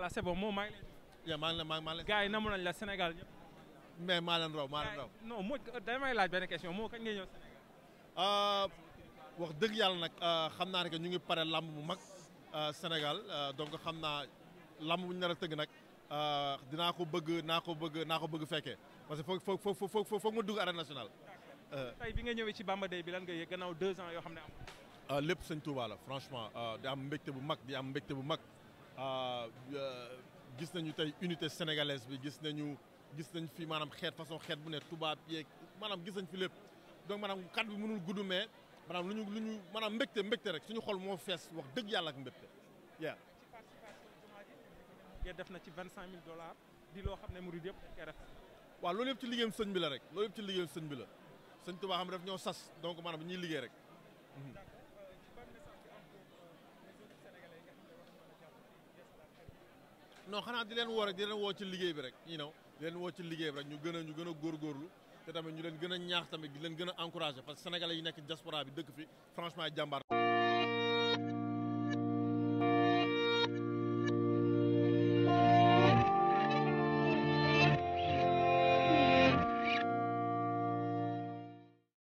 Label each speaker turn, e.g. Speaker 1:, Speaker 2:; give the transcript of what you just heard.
Speaker 1: allah c'est bon moom maa ngi lay. maa ngi la nañ la Sénégal mais maa leen raw maa leen raw. non moo damay laaj benn question moo kañ ngay ñëw euh, wax dëgg yàlla nag euh, xam naa ne ñu ngi pare lamb
Speaker 2: bu mag euh, Sénégal donc xam naa lamb bu ñu tëgg nag dinaa ko bëgg naa ko bëgg naa ko bëgg fekkee parce que foog foog dugg arène nationale.
Speaker 1: tey bi nga ñëwee ci Bamba Day bi gannaaw deux ans xam ne am.
Speaker 2: lépp sëñ Touba franchement di am mbégte bu mag di am mbégte bu mag. Euh, euh, gis nañu tey unité sénégalaise bi gis nañu gis nañ fi maanaam xeet façon xeet bu ne tubaab yeeg maanaam gis nañ fi lépp donc maanaam kàddu bi mënul gudd mais maanaam lu ñu lu ñu maanaam mbégte mbégte rek suñu xol moo fees wax dëgg yàlla ak mbégte yaa def na ci vingt cinq mille dollars di loo xam ne murid yëpp dañ koy rafet waaw loolu yëpp ci liggéeyam sëñ bi la rek loolu ci liggéeyam sëñ bi la sëñ Tuubaa xam daf ñoo sas donc maanaam ñuy liggéey rek mhm. non xanaa di leen woo rek di leen woo ci liggéey bi rek you know di leen woo ci liggéey bi rek ñu gën a ñu gën a góorgóorlu te tamit ñu leen gën a ñaax tamit di leen gën a encouragé parce que sénégalais yi nekk diaspora bi dëkk fi franchement jàmbaar